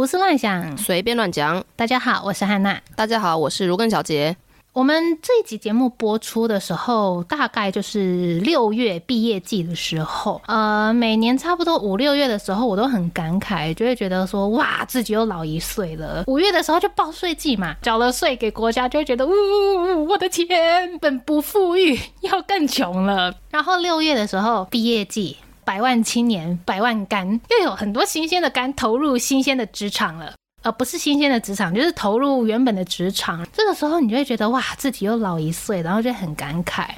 胡思亂想，隨便亂講。大家好，我是漢娜。大家好，我是儒艮小杰。我們這一集節目播出的時候，大概就是六月畢業季的時候。呃，每年差不多五六月的時候，我都很感慨，就會覺得說，哇，自己又老一歲了。五月的時候就報稅季嘛，繳了稅給國家，就會覺得，嗚嗚嗚我的天，本不富裕，要更窮了。然後六月的時候，畢業季。百萬青年，百萬肝，又有很多新鮮的肝投入新鮮的職場了，而、呃、不是新鮮的職場，就是投入原本的職場。這個時候，你就會覺得哇，自己又老一歲，然後就很感慨。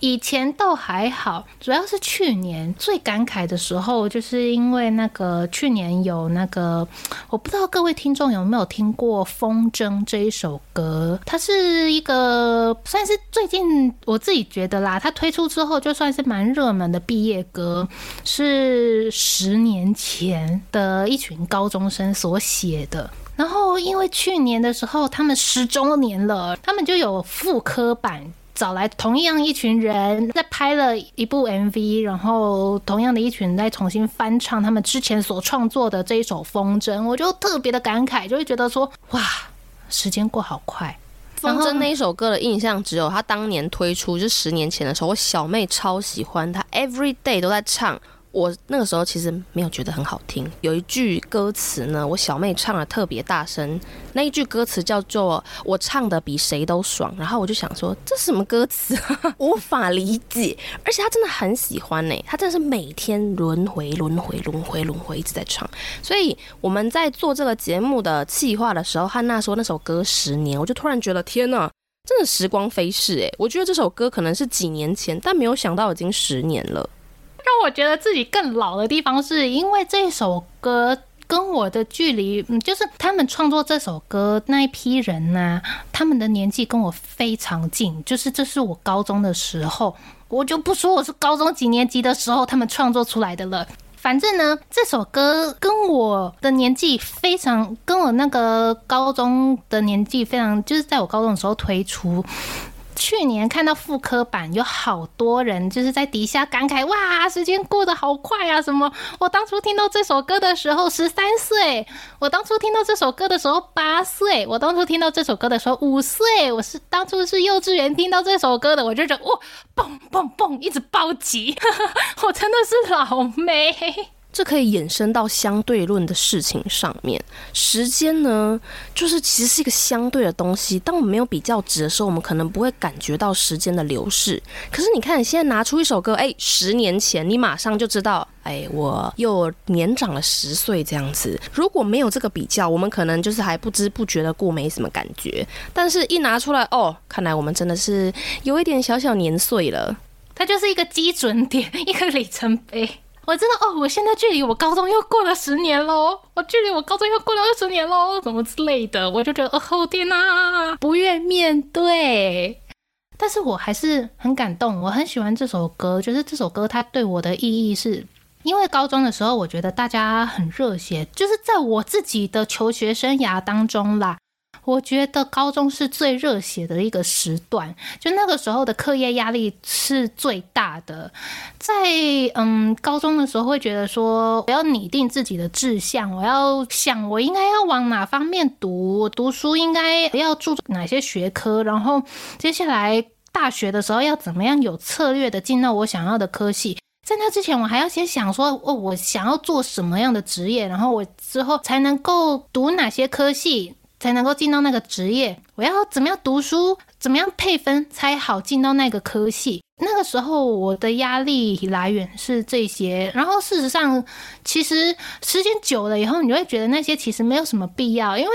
以前都還好，主要是去年最感慨的時候，就是因為那個去年有那個，我不知道各位聽眾有沒有聽過《風箏》這一首歌，它是一個算是最近我自己覺得啦，它推出之後就算是蠻熱門的畢業歌，是十年前的一群高中生所寫的，然後因為去年的時候他們十周年了，他們就有復刻版。找來同樣一群人在拍了一部 MV，然後同樣的一群人在重新翻唱他們之前所創作的這一首《風箏》，我就特別的感慨，就會覺得說，哇，時間過好快。風箏那一首歌的印象，只有他當年推出就十年前的時候，我小妹超喜歡她，every day 都在唱。我那個時候其實沒有覺得很好聽，有一句歌詞呢，我小妹唱得特別大聲，那一句歌詞叫做“我唱得比誰都爽”，然後我就想說這是什麼歌詞啊，無法理解。而且她真的很喜歡呢、欸，她真的是每天輪迴、輪迴、輪迴、輪迴一直在唱。所以我們在做這個節目的企劃的時候，漢娜說那首歌十年，我就突然覺得天吶，真的時光飛逝哎、欸，我覺得這首歌可能是幾年前，但沒有想到已經十年了。讓我覺得自己更老的地方是，是因為這首歌跟我的距離，嗯，就是他們創作這首歌那一批人呢、啊，他們的年紀跟我非常近。就是這是我高中的時候，我就不說我是高中幾年級的時候他們創作出來的了。反正呢，這首歌跟我的年紀非常，跟我那個高中的年紀非常，就是在我高中的時候推出。去年看到復刻版，有好多人就是在底下感慨：哇，時間過得好快啊！什麼？我當初聽到這首歌的時候十三歲，我當初聽到這首歌的時候八歲，我當初聽到這首歌的時候五歲，我是當初是幼稚園聽到這首歌的，我就覺得，哦，蹦蹦蹦，一直暴擊，哈哈，我真的是老妹。」這可以延伸到相對論的事情上面。時間呢，就是其實是一個相對的東西。當我們沒有比較值的時候，我們可能不會感覺到時間的流逝。可是你看，你現在拿出一首歌，哎，十年前，你馬上就知道，哎，我又年長了十歲這樣子。如果沒有這個比較，我們可能就是還不知不覺的過，沒什麼感覺。但是一拿出來，哦，看來我們真的是有一點小小年歲了。它就是一個基準點，一個里程碑。我真的哦，我現在距離我高中又過了十年嘍，我距離我高中又過了二十年嘍，什麼之類的，我就覺得哦，天哪，不願面對。但是我還是很感動，我很喜歡這首歌，就是這首歌它對我的意義是，因為高中的時候我覺得大家很熱血，就是在我自己的求學生涯當中啦。我覺得高中是最熱血的一個時段，就那個時候的課業壓力是最大的。在嗯高中的時候，會覺得說我要擬定自己的志向，我要想我應該要往哪方面讀，讀書應該要注重哪些學科，然後接下來大學的時候要怎麼樣有策略的進到我想要的科系。在那之前，我還要先想說哦，我想要做什麼樣的職業，然後我之後才能夠讀哪些科系。才能夠進到那個職業。我要怎麼樣讀書，怎麼樣配分才好進到那個科系？那個時候我的壓力來源是這些。然後事實上，其實時間久了以後，你就會覺得那些其實沒有什麼必要，因為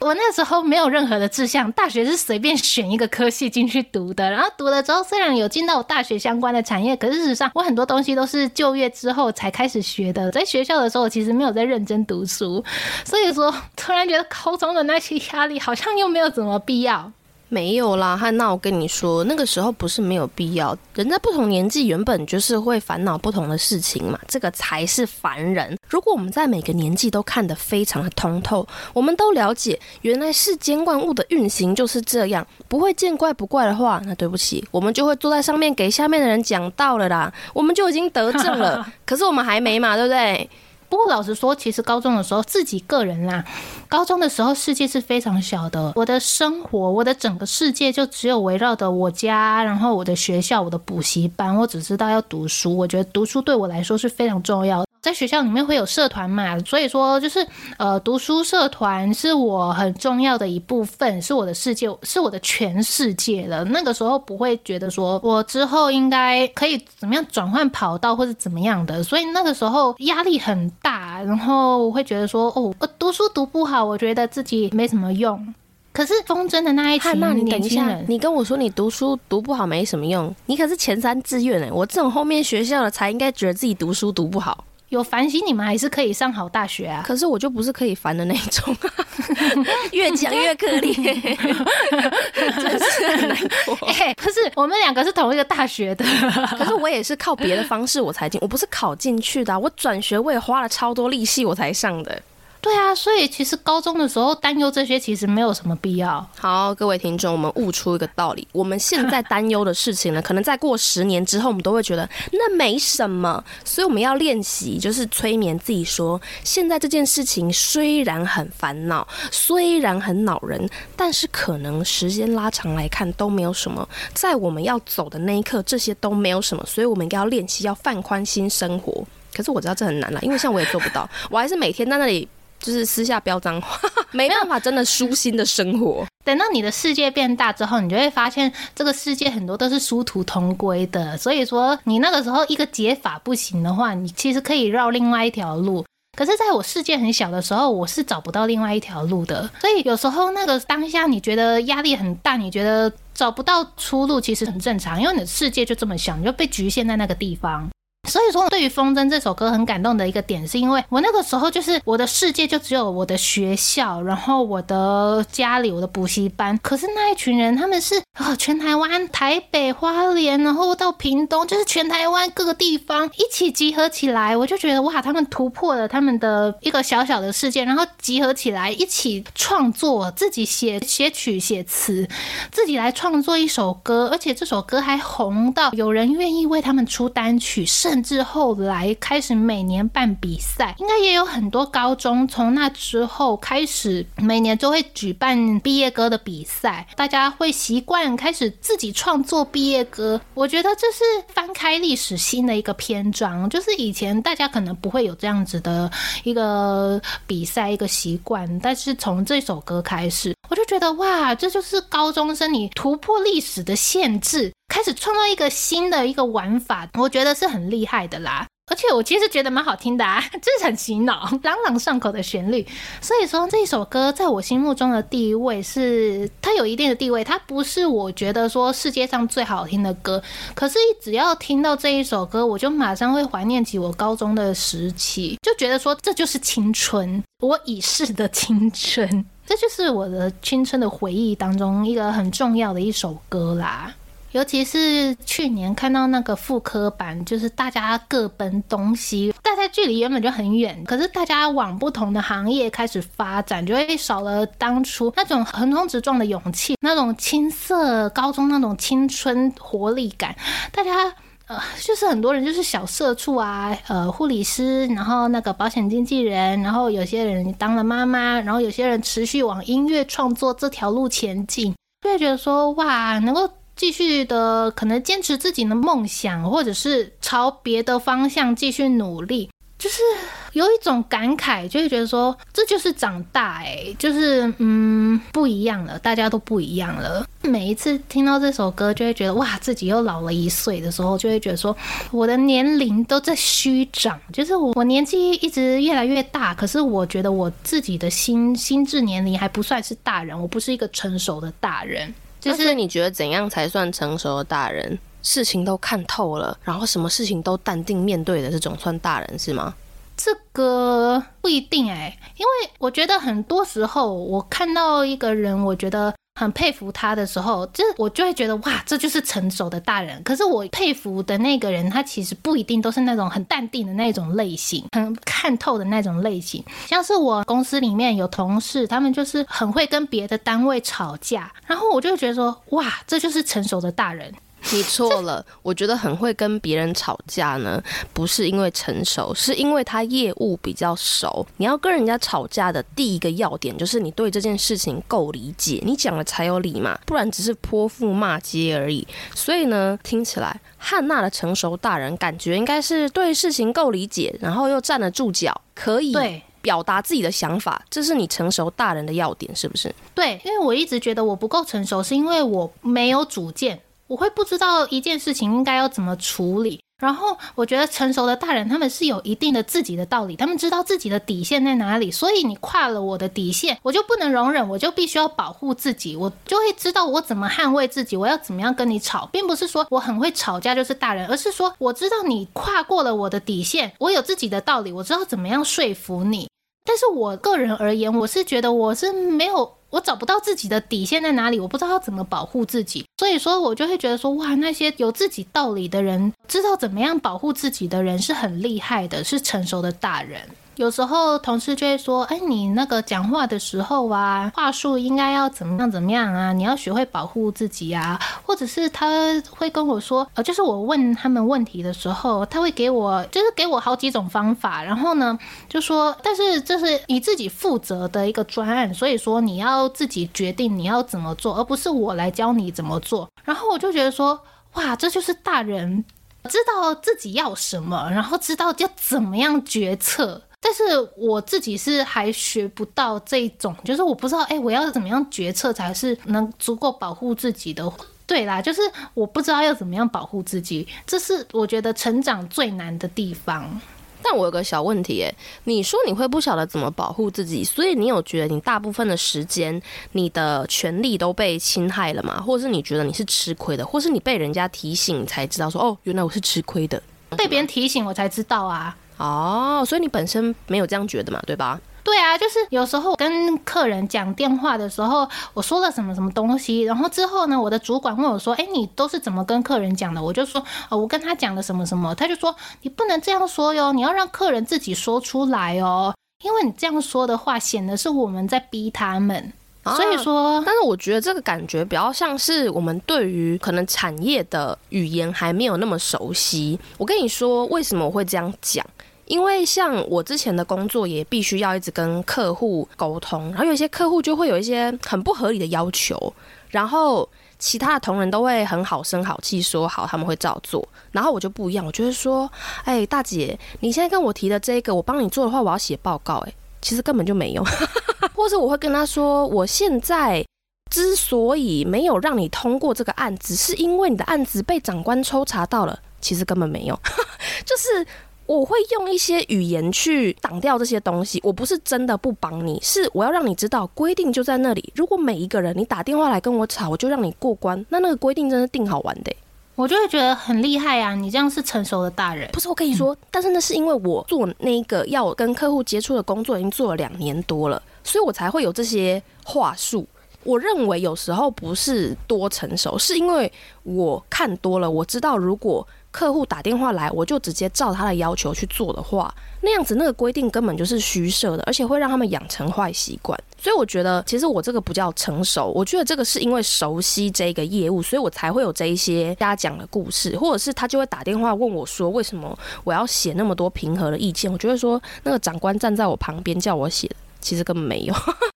我那時候沒有任何的志向，大學是隨便選一個科系進去讀的。然後讀了之後，雖然有進到我大學相關的產業，可是事實上我很多東西都是就業之後才開始學的。在學校的時候，我其實沒有在認真讀書，所以說突然覺得高中的那些壓力好像又沒有怎麼。必要。沒有啦，哈，那我跟你說，那個時候不是沒有必要。人在不同年紀，原本就是會煩惱不同的事情嘛，這個才是凡人。如果我們在每個年紀都看得非常的通透，我們都了解原來世間萬物的運行就是這樣，不會見怪不怪的話，那對不起，我們就會坐在上面給下面的人講道了啦，我們就已經得證了。 可是我們還沒嘛，對不對？不過，老實說，其實高中的時候自己個人啦、啊，高中的時候世界是非常小的。我的生活，我的整個世界就只有圍繞著我家，然後我的學校，我的補習班，我只知道要讀書。我覺得讀書對我來說是非常重要的。在學校裡面會有社團嘛，所以說就是呃，讀書社團是我很重要的一部分，是我的世界，是我的全世界了。那個時候不會覺得說我之後應該可以怎麼樣轉換跑道或者怎麼樣的，所以那個時候壓力很大，然後我會覺得說哦，我讀書讀不好，我覺得自己沒什麼用。可是風箏的那一群年輕人，那你等一下，你跟我說你讀書讀不好沒什麼用，你可是前三志願哎，我這種後面學校的才應該覺得自己讀書讀不好。有反省，你們還是可以上好大學啊！可是我就不是可以煩的那種 ，越講越可憐 真是難過。欸、不是我們兩個是同一個大學的， 可是我也是靠別的方式我才進，我不是考進去的。啊，我轉學位花了超多力氣我才上的。對啊，所以其實高中的時候擔憂這些其實沒有什麼必要。好，各位聽眾，我們悟出一個道理：我們現在擔憂的事情呢， 可能再過十年之後，我們都會覺得那沒什麼。所以我們要練習，就是催眠自己說：現在這件事情雖然很煩惱，雖然很惱人，但是可能時間拉長來看都沒有什麼。在我們要走的那一刻，這些都沒有什麼。所以，我們應該要練習，要放寬心生活。可是我知道這很難了，因為像我也做不到， 我還是每天在那裡。就是私下飆髒話，沒辦法，真的舒心的生活。等到你的世界變大之後，你就會發現這個世界很多都是殊途同歸的。所以說，你那個時候一個解法不行的話，你其實可以繞另外一條路。可是，在我世界很小的時候，我是找不到另外一條路的。所以，有時候那個當下你覺得壓力很大，你覺得找不到出路，其實很正常，因為你的世界就這麼小，你就被局限在那個地方。所以說，對於《風箏》這首歌很感動的一個點，是因為我那個時候就是我的世界就只有我的學校，然後我的家裡，我的補習班。可是那一群人，他們是哦，全台灣、台北、花蓮，然後到屏東，就是全台灣各個地方一起集合起來。我就覺得哇，他們突破了他們的一個小小的世界，然後集合起來一起創作，自己寫寫曲、寫詞，自己來創作一首歌，而且這首歌還紅到有人願意為他們出單曲。甚至後來開始每年辦比賽，應該也有很多高中從那之後開始每年都會舉辦畢業歌的比賽，大家會習慣開始自己創作畢業歌。我覺得這是翻開歷史新的一個篇章，就是以前大家可能不會有這樣子的一個比賽一個習慣，但是從這首歌開始，我就覺得哇，這就是高中生你突破歷史的限制。開始創造一個新的一個玩法，我覺得是很厲害的啦。而且我其實覺得蠻好聽的啊，真、就是很洗腦、朗朗上口的旋律。所以說這首歌在我心目中的地位是，它有一定的地位，它不是我覺得說世界上最好聽的歌。可是只要聽到這一首歌，我就馬上會懷念起我高中的時期，就覺得說這就是青春，我已逝的青春，這就是我的青春的回憶當中一個很重要的一首歌啦。尤其是去年看到那個復刻版，就是大家各奔東西，大家距離原本就很遠，可是大家往不同的行業開始發展，就會少了當初那種橫衝直撞的勇氣，那種青澀高中那種青春活力感。大家呃，就是很多人就是小社畜啊，呃，護理師，然後那個保險經紀人，然後有些人當了媽媽，然後有些人持續往音樂創作這條路前進，就會覺得說哇，能夠。繼續的可能堅持自己的夢想，或者是朝別的方向繼續努力，就是有一種感慨，就會覺得說這就是長大哎、欸，就是嗯不一樣了，大家都不一樣了。每一次聽到這首歌，就會覺得哇，自己又老了一歲的時候，就會覺得說我的年齡都在虛長，就是我我年紀一直越來越大，可是我覺得我自己的心心智年齡還不算是大人，我不是一個成熟的大人。就是、啊、你覺得怎樣才算成熟的大人？事情都看透了，然後什麼事情都淡定面對的這種算大人是嗎？這個不一定誒、欸，因為我覺得很多時候我看到一個人，我覺得。很佩服他的時候，就是我就會覺得哇，這就是成熟的大人。可是我佩服的那個人，他其實不一定都是那種很淡定的那種類型，很看透的那種類型。像是我公司裡面有同事，他們就是很會跟別的單位吵架，然後我就覺得說哇，這就是成熟的大人。你錯了， 我覺得很會跟別人吵架呢，不是因為成熟，是因為他業務比較熟。你要跟人家吵架的第一個要點就是你對這件事情夠理解，你講了才有理嘛，不然只是潑婦罵街而已。所以呢，聽起來漢娜的成熟大人感覺應該是對事情夠理解，然後又站得住腳，可以表達自己的想法，這是你成熟大人的要點，是不是？對，因為我一直覺得我不夠成熟，是因為我沒有主見。我會不知道一件事情應該要怎麼處理，然後我覺得成熟的大人他們是有一定的自己的道理，他們知道自己的底線在哪裡，所以你跨了我的底線，我就不能容忍，我就必須要保護自己，我就會知道我怎麼捍衛自己，我要怎麼樣跟你吵，並不是說我很會吵架就是大人，而是說我知道你跨過了我的底線，我有自己的道理，我知道怎麼樣說服你，但是我個人而言，我是覺得我是沒有。我找不到自己的底線在哪裡，我不知道要怎麼保護自己，所以說我就會覺得說，哇，那些有自己道理的人，知道怎麼樣保護自己的人是很厲害的，是成熟的大人。有時候同事就會說，哎、欸，你那個講話的時候啊，話術應該要怎麼樣怎麼樣啊，你要學會保護自己啊，或者是他會跟我說，呃，就是我問他們問題的時候，他會給我，就是給我好幾種方法，然後呢，就說，但是這是你自己負責的一個專案，所以說你要。都自己決定你要怎麼做，而不是我來教你怎麼做。然後我就覺得說，哇，這就是大人知道自己要什麼，然後知道要怎麼樣決策。但是我自己是還學不到這種，就是我不知道，哎、欸，我要怎麼樣決策才是能足夠保護自己的？對啦，就是我不知道要怎麼樣保護自己，這是我覺得成長最難的地方。但我有個小問題，欸，哎，你說你會不曉得怎麼保護自己，所以你有覺得你大部分的時間，你的權利都被侵害了嗎？或者是你覺得你是吃虧的，或是你被人家提醒才知道說，哦，原來我是吃虧的，被別人提醒我才知道啊。哦，所以你本身沒有這樣覺得嘛，對吧？對啊，就是有時候我跟客人講電話的時候，我說了什麼什麼東西，然後之後呢，我的主管問我說：“誒，你都是怎麼跟客人講的？”我就說：“哦，我跟他講了什麼什麼。”他就說：“你不能這樣說喲，你要讓客人自己說出來哦，因為你這樣說的話，顯得是我們在逼他們。”啊，所以說，但是我覺得這個感覺比較像是我們對於可能產業的語言還沒有那麼熟悉。我跟你說，為什麼我會這樣講？因為像我之前的工作也必須要一直跟客戶溝通，然後有一些客戶就會有一些很不合理的要求，然後其他的同仁都會很好聲好氣說好他們會照做，然後我就不一樣，我就會說，哎，大姐，你現在跟我提的這個我幫你做的話，我要寫報告，哎，其實根本就沒用， 或者我會跟他說，我現在之所以沒有讓你通過這個案子，是因為你的案子被長官抽查到了，其實根本沒用， 就是。我會用一些語言去擋掉這些東西。我不是真的不幫你，是我要讓你知道規定就在那裡。如果每一個人你打電話來跟我吵，我就讓你過關，那那個規定真的定好玩的。我就會覺得很厲害啊，你這樣是成熟的大人。不是，我跟你說，但是那是因為我做那個要跟客戶接觸的工作已經做了兩年多了，所以我才會有這些話術。我認為有時候不是多成熟，是因為我看多了，我知道如果，客戶打電話來，我就直接照他的要求去做的話，那樣子那個規定根本就是虛設的，而且會讓他們養成壞習慣。所以我覺得，其實我這個不叫成熟。我覺得這個是因為熟悉這個業務，所以我才會有這一些瞎講的故事，或者是他就會打電話問我，說為什麼我要寫那麼多平和的意見？我就會說，那個長官站在我旁邊叫我寫的，其實根本沒有。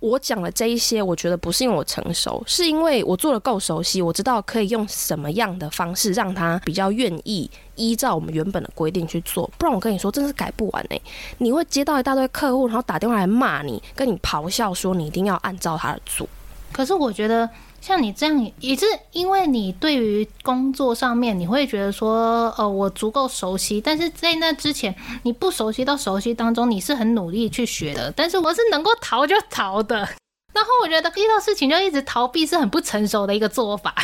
我講了這一些，我覺得不是因為我成熟，是因為我做得夠熟悉，我知道可以用什麼樣的方式讓他比較願意依照我們原本的規定去做。不然我跟你說，真是改不完哎、欸！你會接到一大堆客戶，然後打電話來罵你，跟你咆哮說你一定要按照他的做。可是我覺得。像你這樣，也是因為你對於工作上面，你會覺得說，呃，我足夠熟悉。但是在那之前，你不熟悉到熟悉當中，你是很努力去學的。但是我是能夠逃就逃的。然後我覺得遇到事情就一直逃避是很不成熟的一個做法。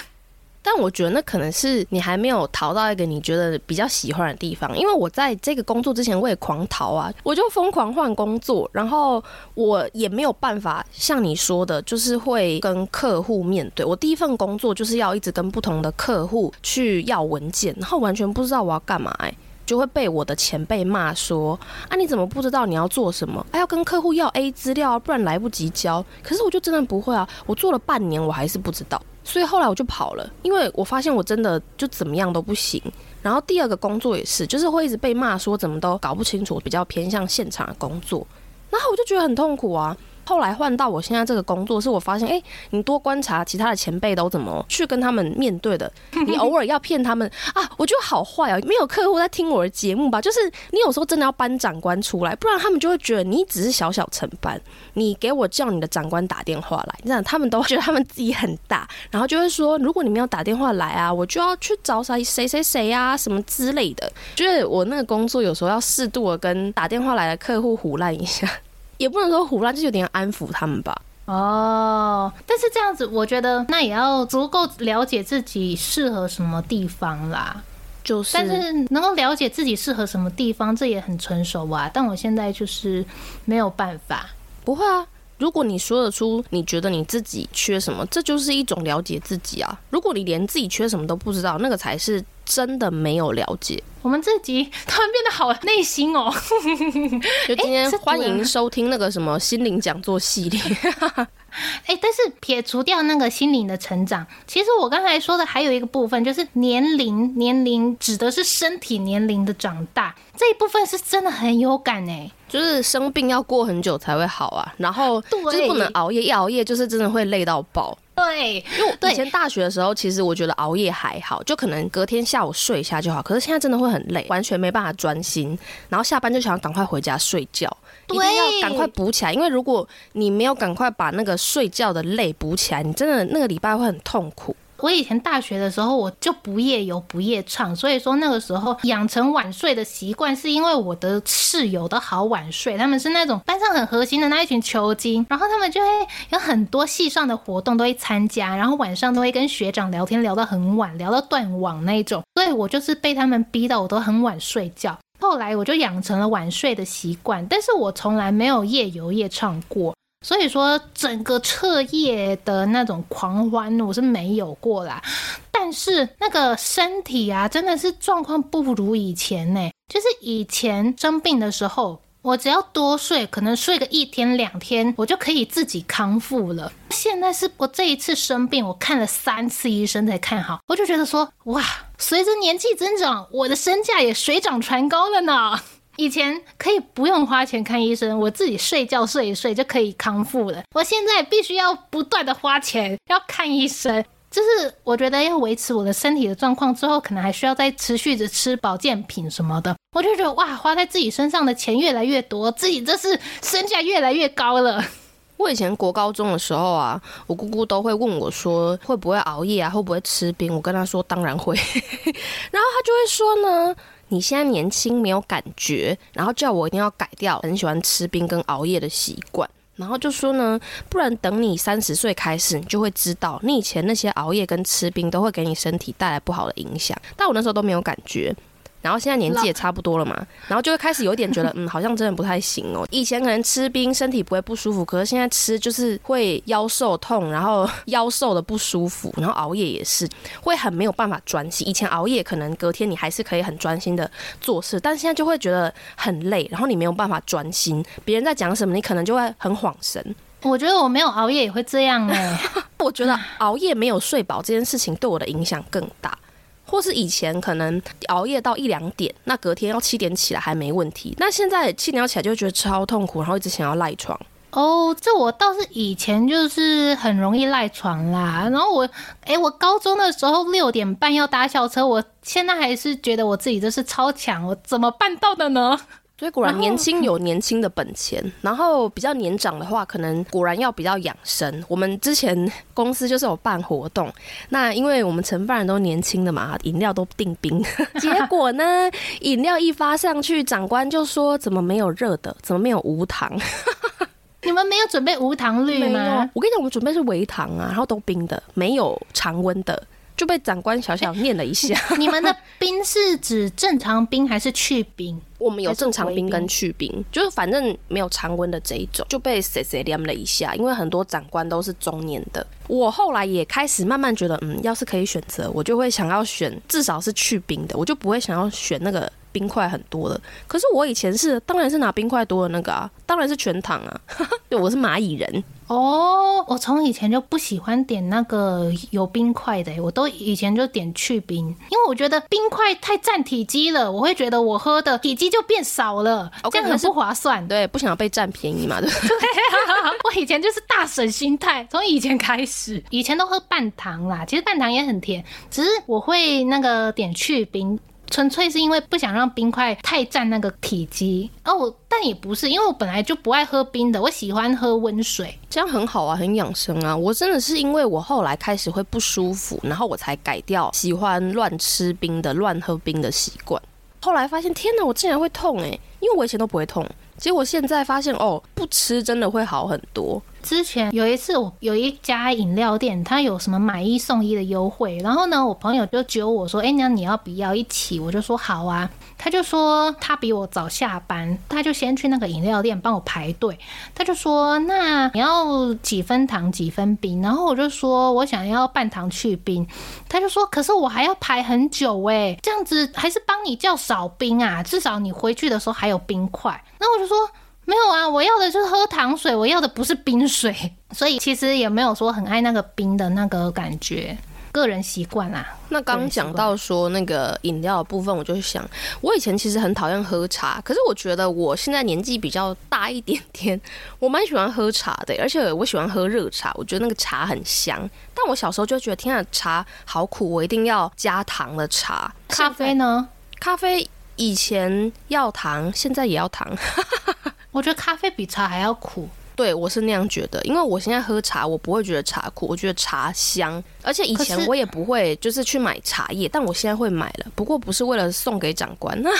但我覺得那可能是你還沒有逃到一個你覺得比較喜歡的地方，因為我在這個工作之前，我也狂逃啊，我就瘋狂換工作，然後我也沒有辦法像你說的，就是會跟客戶面對。我第一份工作就是要一直跟不同的客戶去要文件，然後完全不知道我要幹嘛。欸，就會被我的前輩罵說：“啊，你怎麼不知道你要做什麼？哎，要跟客戶要 A 資料啊，不然來不及交。”可是我就真的不會啊，我做了半年我還是不知道。所以後來我就跑了，因為我發現我真的就怎麼樣都不行。然後第二個工作也是，就是會一直被罵說怎麼都搞不清楚，比較偏向現場的工作，然後我就覺得很痛苦啊。後來換到我現在這個工作，是我發現，哎、欸，你多觀察其他的前輩都怎麼去跟他們面對的。你偶爾要騙他們啊，我覺得好壞啊、喔！沒有客戶在聽我的節目吧？就是你有時候真的要搬長官出來，不然他們就會覺得你只是小小承辦。你給我叫你的長官打電話來，這樣他們都會覺得他們自己很大，然後就會說，如果你沒有打電話來啊，我就要去找誰誰誰誰啊什麼之類的。就是我那個工作有時候要適度的跟打電話來的客戶唬爛一下。也不能說唬爛，就是有點安撫他們吧。哦，但是這樣子，我覺得那也要足夠了解自己適合什麼地方啦。就是，但是能夠了解自己適合什麼地方，這也很成熟啊。但我現在就是沒有辦法。不會啊，如果你說得出你覺得你自己缺什麼，這就是一種了解自己啊。如果你連自己缺什麼都不知道，那個才是。真的沒有了解，我們這集突然變得好內心哦。就今天歡迎收聽那個什麼心靈講座系列。哎，但是撇除掉那個心靈的成長，其實我剛才說的還有一個部分，就是年齡。年齡指的是身體年齡的長大，這一部分是真的很有感哎。就是生病要過很久才會好啊，然後就是不能熬夜，一熬夜就是真的會累到爆。對，因為以前大學的時候，其實我覺得熬夜還好，就可能隔天下午睡一下就好。可是現在真的會很累，完全沒辦法專心，然後下班就想要趕快回家睡覺，對，一定要趕快補起來。因為如果你沒有趕快把那個睡覺的累補起來，你真的那個禮拜會很痛苦。我以前大學的時候，我就不夜遊不夜唱，所以說那個時候養成晚睡的習慣，是因為我的室友都好晚睡，他們是那種班上很核心的那一群球精，然後他們就會有很多系上的活動都會參加，然後晚上都會跟學長聊天聊到很晚，聊到斷網那一種，所以我就是被他們逼到，我都很晚睡覺，後來我就養成了晚睡的習慣，但是我從來沒有夜遊夜唱過。所以說，整個徹夜的那種狂歡我是沒有過啦。但是那個身體啊，真的是狀況不如以前呢、欸。就是以前生病的時候，我只要多睡，可能睡個一天兩天，我就可以自己康復了。現在是我這一次生病，我看了三次醫生才看好，我就覺得說，哇，隨着年紀增長，我的身價也水漲船高了呢。以前可以不用花錢看醫生，我自己睡覺睡一睡就可以康復了。我現在必須要不斷的花錢要看醫生，就是我覺得要維持我的身體的狀況之後，可能還需要再持續着吃保健品什麼的。我就覺得哇，花在自己身上的錢越來越多，自己這是身價越來越高了。我以前國高中的時候啊，我姑姑都會問我說會不會熬夜啊，會不會吃冰？我跟她說當然會， 然後她就會說呢。你現在年輕沒有感覺，然後叫我一定要改掉很喜歡吃冰跟熬夜的習慣，然後就說呢，不然等你三十歲開始，你就會知道你以前那些熬夜跟吃冰都會給你身體帶來不好的影響。但我那時候都沒有感覺。然後現在年紀也差不多了嘛，然後就會開始有點覺得，嗯，好像真的不太行哦。以前可能吃冰身體不會不舒服，可是現在吃就是會腰酸痛，然後腰酸得不舒服，然後熬夜也是會很沒有辦法專心。以前熬夜可能隔天你還是可以很專心的做事，但現在就會覺得很累，然後你沒有辦法專心，別人在講什麼你可能就會很恍神。我覺得我沒有熬夜也會這樣哎， 我覺得熬夜沒有睡飽這件事情對我的影響更大。或是以前可能熬夜到一兩點，那隔天要七點起來還沒問題。那現在七點要起來就覺得超痛苦，然後一直想要賴床。哦，這我倒是以前就是很容易賴床啦。然後我，欸，我高中的時候六點半要搭校車，我現在還是覺得我自己這是超強，我怎麼辦到的呢？所以果然年輕有年輕的本錢，然，然後比較年長的話，可能果然要比較養生。我們之前公司就是有辦活動，那因為我們承辦人都年輕的嘛，飲料都定冰。 結果呢，飲料一發上去，長官就說：“怎麼沒有熱的？怎麼沒有無糖？” 你們沒有準備無糖綠嗎？我跟你講，我們準備是微糖啊，然後都冰的，沒有常溫的，就被長官小小念了一下。 你們的冰是指正常冰還是去冰？我們有正常冰跟去冰，是冰就是反正沒有常溫的這一種，就被誰誰涼了一下。因為很多長官都是中年的，我後來也開始慢慢覺得，嗯，要是可以選擇，我就會想要選至少是去冰的，我就不會想要選那個。冰塊很多的，可是我以前是，當然是拿冰塊多的那個啊，當然是全糖啊。對，我是螞蟻人哦。Oh, 我從以前就不喜歡點那個有冰塊的、欸，我都以前就點去冰，因為我覺得冰塊太佔體積了，我會覺得我喝的體積就變少了，Okay, 這樣很不划算。對，不想要被佔便宜嘛。對， 我以前就是大省心態，從以前開始，以前都喝半糖啦。其實半糖也很甜，只是我會那個點去冰。純粹是因為不想讓冰塊太占那個體積哦，我但也不是，因為我本來就不愛喝冰的，我喜歡喝溫水，這樣很好啊，很養生啊。我真的是因為我後來開始會不舒服，然後我才改掉喜歡亂吃冰的、亂喝冰的習慣。後來發現，天哪，我竟然會痛哎、欸！因為我以前都不會痛，結果現在發現哦，不吃真的會好很多。之前有一次，我有一家飲料店，他有什麼買一送一的優惠。然後呢，我朋友就揪我說：“哎、欸，那你要不要一起？”我就說：“好啊。”他就說他比我早下班，他就先去那個飲料店幫我排隊。他就說：“那你要幾分糖幾分冰？”然後我就說我想要半糖去冰。他就說：“可是我還要排很久哎、欸，這樣子還是幫你叫少冰啊，至少你回去的時候還有冰塊。”那我就說。沒有啊，我要的就是喝糖水，我要的不是冰水，所以其實也沒有說很愛那個冰的那個感覺，個人習慣啦。那剛講到說那個飲料的部分，我就想，我以前其實很討厭喝茶，可是我覺得我現在年紀比較大一點點，我蠻喜歡喝茶的欸，而且我喜歡喝熱茶，我覺得那個茶很香。但我小時候就覺得，天啊，茶好苦，我一定要加糖的茶。咖啡呢？咖啡以前要糖，現在也要糖。 我覺得咖啡比茶還要苦。對，我是那樣覺得，因為我現在喝茶，我不會覺得茶苦，我覺得茶香。而且以前我也不會，就是去買茶葉，但我現在會買了，不過不是為了送給長官，那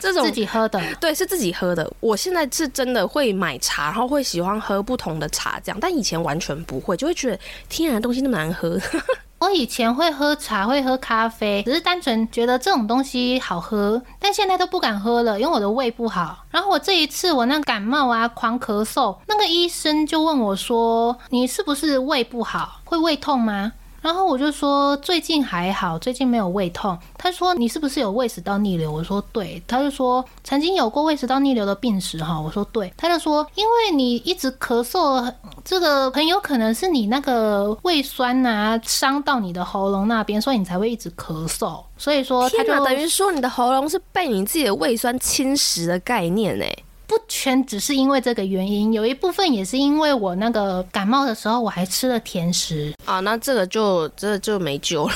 這種自己喝的，對，是自己喝的。我現在是真的會買茶，然後會喜歡喝不同的茶，這樣。但以前完全不會，就會覺得天然的東西那麼難喝。呵呵我以前會喝茶，會喝咖啡，只是單純覺得這種東西好喝，但現在都不敢喝了，因為我的胃不好。然後我這一次我那感冒啊，狂咳嗽，那個醫生就問我說：“你是不是胃不好？會胃痛嗎？”然後我就說，最近還好，最近沒有胃痛。他說，你是不是有胃食道逆流？我說對。他就說曾經有過胃食道逆流的病史哈。我說對。他就說因為你一直咳嗽，這個很有可能是你那個胃酸啊傷到你的喉嚨那邊，所以你才會一直咳嗽。所以說他就等於說你的喉嚨是被你自己的胃酸侵蝕的概念哎、欸。不全只是因為這個原因，有一部分也是因為我那個感冒的時候我還吃了甜食啊，那這個就這個、就沒救了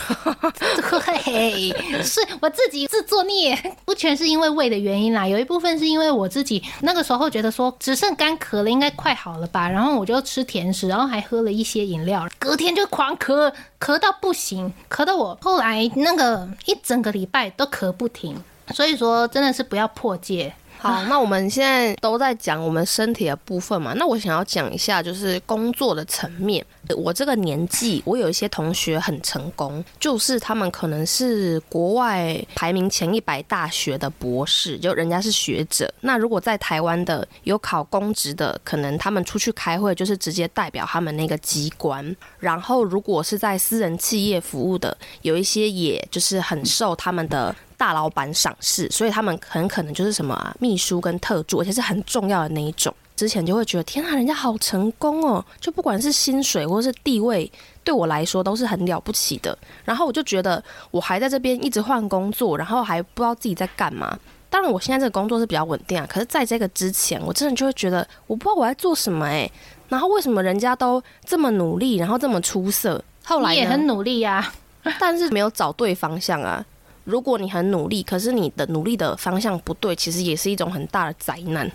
對，是我自己自作孽，不全是因為胃的原因啦，有一部分是因為我自己那個時候覺得說只剩乾咳了，應該快好了吧，然後我就吃甜食，然後還喝了一些飲料，隔天就狂咳，咳到不行，咳到我後來那個一整個禮拜都咳不停，所以說真的是不要破戒。好，那我們現在都在講我們身體的部分嘛。那我想要講一下，就是工作的層面。我這個年紀，我有一些同學很成功，就是他們可能是國外排名前一百大學的博士，就人家是學者。那如果在台灣的有考公職的，可能他們出去開會就是直接代表他們那個機關。然後如果是在私人企業服務的，有一些也就是很受他們的大老闆賞識，所以他們很可能就是什麼、啊、秘書跟特助，而且是很重要的那一種。之前就會覺得天啊，人家好成功哦、喔！就不管是薪水或是地位，對我來說都是很了不起的。然後我就覺得我還在這邊一直換工作，然後還不知道自己在幹嘛。當然，我現在這個工作是比較穩定啊。可是，在這個之前，我真的就會覺得我不知道我在做什麼哎、欸。然後為什麼人家都這麼努力，然後這麼出色？後來也很努力呀、啊， 但是沒有找對方向啊。如果你很努力，可是你的努力的方向不對，其實也是一種很大的災難，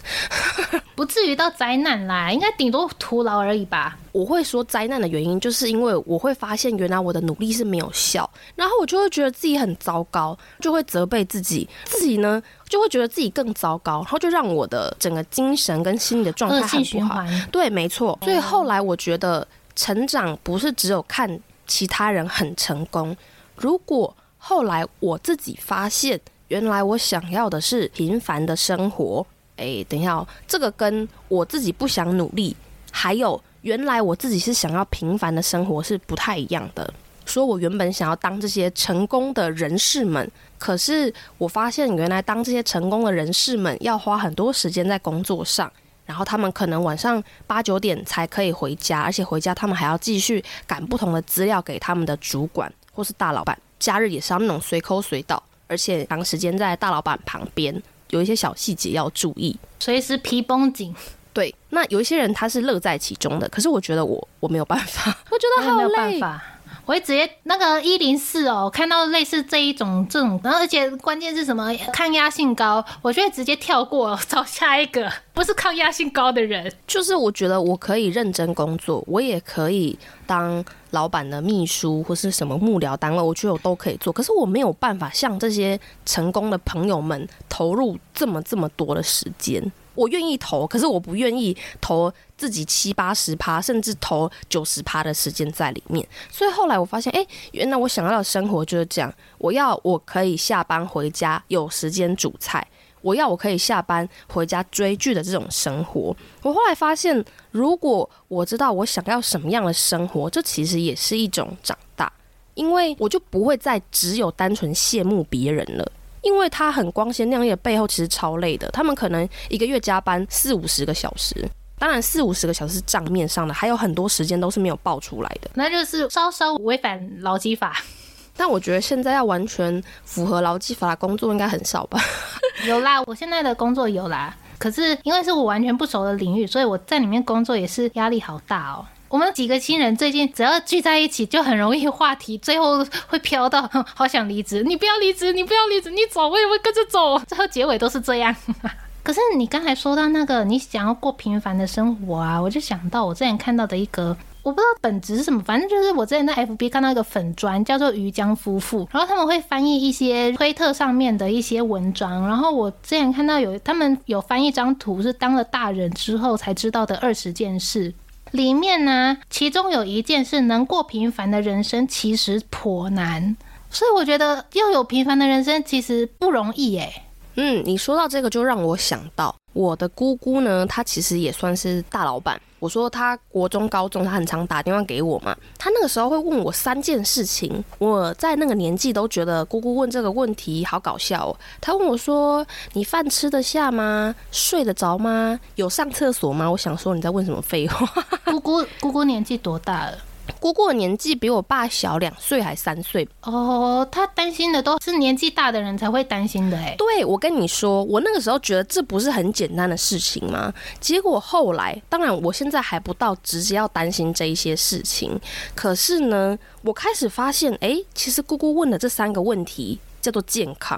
不至於到災難啦，應該頂多徒勞而已吧。我會說災難的原因，就是因為我會發現原來我的努力是沒有效，然後我就會覺得自己很糟糕，就會責備自己，自己呢就會覺得自己更糟糕，然後就讓我的整個精神跟心理的狀態很不好。惡性循環。對，沒錯。所以後來我覺得成長不是只有看其他人很成功，如果。後來我自己發現，原來我想要的是平凡的生活。哎，等一下哦，這個跟我自己不想努力，還有原來我自己是想要平凡的生活是不太一樣的。所以我原本想要當這些成功的人士們，可是我發現原來當這些成功的人士們要花很多時間在工作上，然後他們可能晚上八九點才可以回家，而且回家他們還要繼續趕不同的資料給他們的主管或是大老闆。假日也是要那種隨叩隨到，而且長時間在大老板旁邊，有一些小細節要注意，隨時皮繃緊。對，那有一些人他是樂在其中的，可是我覺得我我沒有辦法，我覺得沒有辦法。我會直接那個一零四哦，看到類似這一種這種，然後而且關鍵是什麼抗壓性高，我就會直接跳過找下一個不是抗壓性高的人。就是我覺得我可以認真工作，我也可以當老闆的秘書或是什麼幕僚單位，我覺得我都可以做，可是我沒有辦法像這些成功的朋友們投入這麼這麼多的時間。我願意投，可是我不願意投自己七八十趴，甚至投九十趴的時間在裡面。所以後來我發現，哎、欸，原來我想要的生活就是這樣：我要我可以下班回家有時間煮菜；我要我可以下班回家追劇的這種生活。我後來發現，如果我知道我想要什麼樣的生活，這其實也是一種長大，因為我就不會再只有單純羨慕別人了。.因為它很光鮮亮麗的背後其實超累的。他們可能一個月加班四五十個小時，當然四五十個小時是賬面上的，還有很多時間都是沒有報出來的。那就是稍稍違反勞基法。 但我覺得現在要完全符合勞基法的工作應該很少吧？ 有啦，我現在的工作有啦，可是因為是我完全不熟的領域，所以我在裡面工作也是壓力好大哦。我們幾個親人最近只要聚在一起，就很容易話題，最後會飄到好想離職。你不要離職，你不要離職，你走，我也會跟着走。最後結尾都是這樣。 可是你剛才說到那個，你想要過平凡的生活啊，我就想到我之前看到的一個，我不知道本質是什麼，反正就是我之前在 FB 看到一個粉專，叫做魚江夫婦，然後他們會翻譯一些推特上面的一些文章。然後我之前看到有他們有翻譯一張圖，是當了大人之後才知道的二十件事。裡面呢，其中有一件事，能過平凡的人生其實頗難，所以我覺得要有平凡的人生其實不容易誒。嗯，你說到這個，就讓我想到我的姑姑呢。她其實也算是大老闆。我說她國中、高中，她很常打電話給我嘛。她那個時候會問我三件事情，我在那個年紀都覺得姑姑問這個問題好搞笑哦。她問我說：“你飯吃得下嗎？睡得着嗎？有上廁所嗎？”我想說你在問什麼廢話。姑姑，姑姑年紀多大了？姑姑年紀比我爸小兩歲還三歲哦，oh, 他擔心的都是年紀大的人才會擔心的哎，對，我跟你說，我那個時候覺得這不是很簡單的事情嗎？結果後來，當然我現在還不到直接要擔心這一些事情，可是呢，我開始發現，哎、欸，其實姑姑問的這三個問題叫做健康。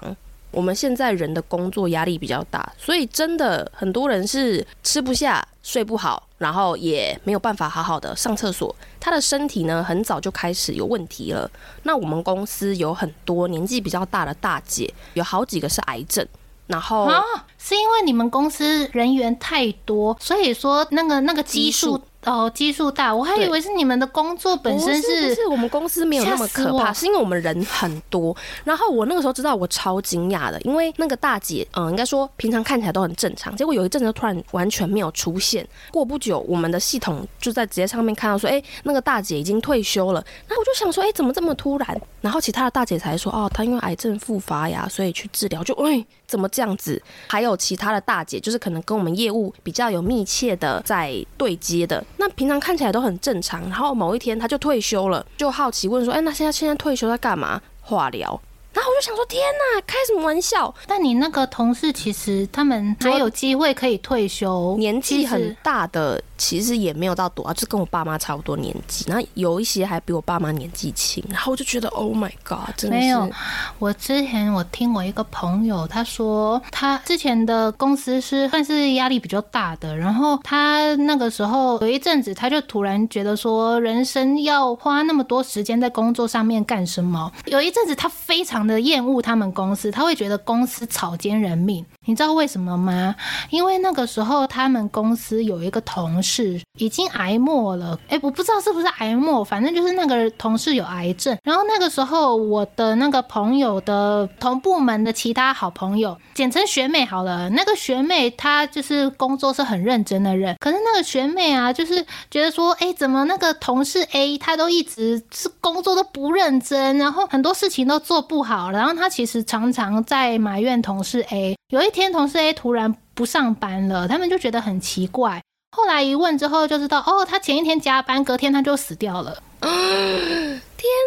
我們現在人的工作壓力比較大，所以真的很多人是吃不下、睡不好，然後也沒有辦法好好的上廁所。他的身體呢，很早就開始有問題了。那我們公司有很多年紀比較大的大姐，有好幾個是癌症。然後，啊，是因為你們公司人員太多，所以說那個那個基數。哦，基數大，我還以為是你們的工作本身是。Oh, 是不是，是，不是我們公司沒有那麼可怕，是因為我們人很多。然後我那個時候知道，我超驚訝的，因為那個大姐，嗯，應該說平常看起來都很正常，結果有一陣子突然完全沒有出現。過不久，我們的系統就在直接上面看到說，哎、欸，那個大姐已經退休了。那我就想說，哎、欸，怎麼這麼突然？然後其他的大姐才說，哦，她因為癌症復發呀，所以去治療，就哎。欸怎麼這樣子？還有其他的大姐，就是可能跟我們業務比較有密切的在對接的。那平常看起來都很正常，然後某一天她就退休了，就好奇問說：“哎、欸，那現在現在退休在幹嘛？化療？”然後我就想說：“天哪，開什麼玩笑？”但你那個同事其實他們還有機會可以退休，年紀很大的。其實也沒有到多啊，就跟我爸媽差不多年紀，然後有一些還比我爸媽年紀輕，然後我就覺得 Oh my god，真的是沒有。我之前我聽我一個朋友他說，他之前的公司是算是壓力比較大的，然後他那個時候有一陣子他就突然覺得說，人生要花那麼多時間在工作上面幹什麼？有一陣子他非常的厭惡他們公司，他會覺得公司草菅人命。你知道為什麼嗎？因為那個時候他們公司有一個同事已經癌末了，哎、欸，我不知道是不是癌末，反正就是那個同事有癌症。然後那個時候，我的那個朋友的同部門的其他好朋友，簡稱學妹好了。那個學妹她就是工作是很認真的人，可是那個學妹啊，就是覺得說，哎、欸，怎麼那個同事 A 他都一直是工作都不認真，然後很多事情都做不好，然後他其實常常在埋怨同事 A 有一。天，同事 A 突然不上班了，他們就覺得很奇怪。後來一問之後就知道，哦，他前一天加班，隔天他就死掉了。天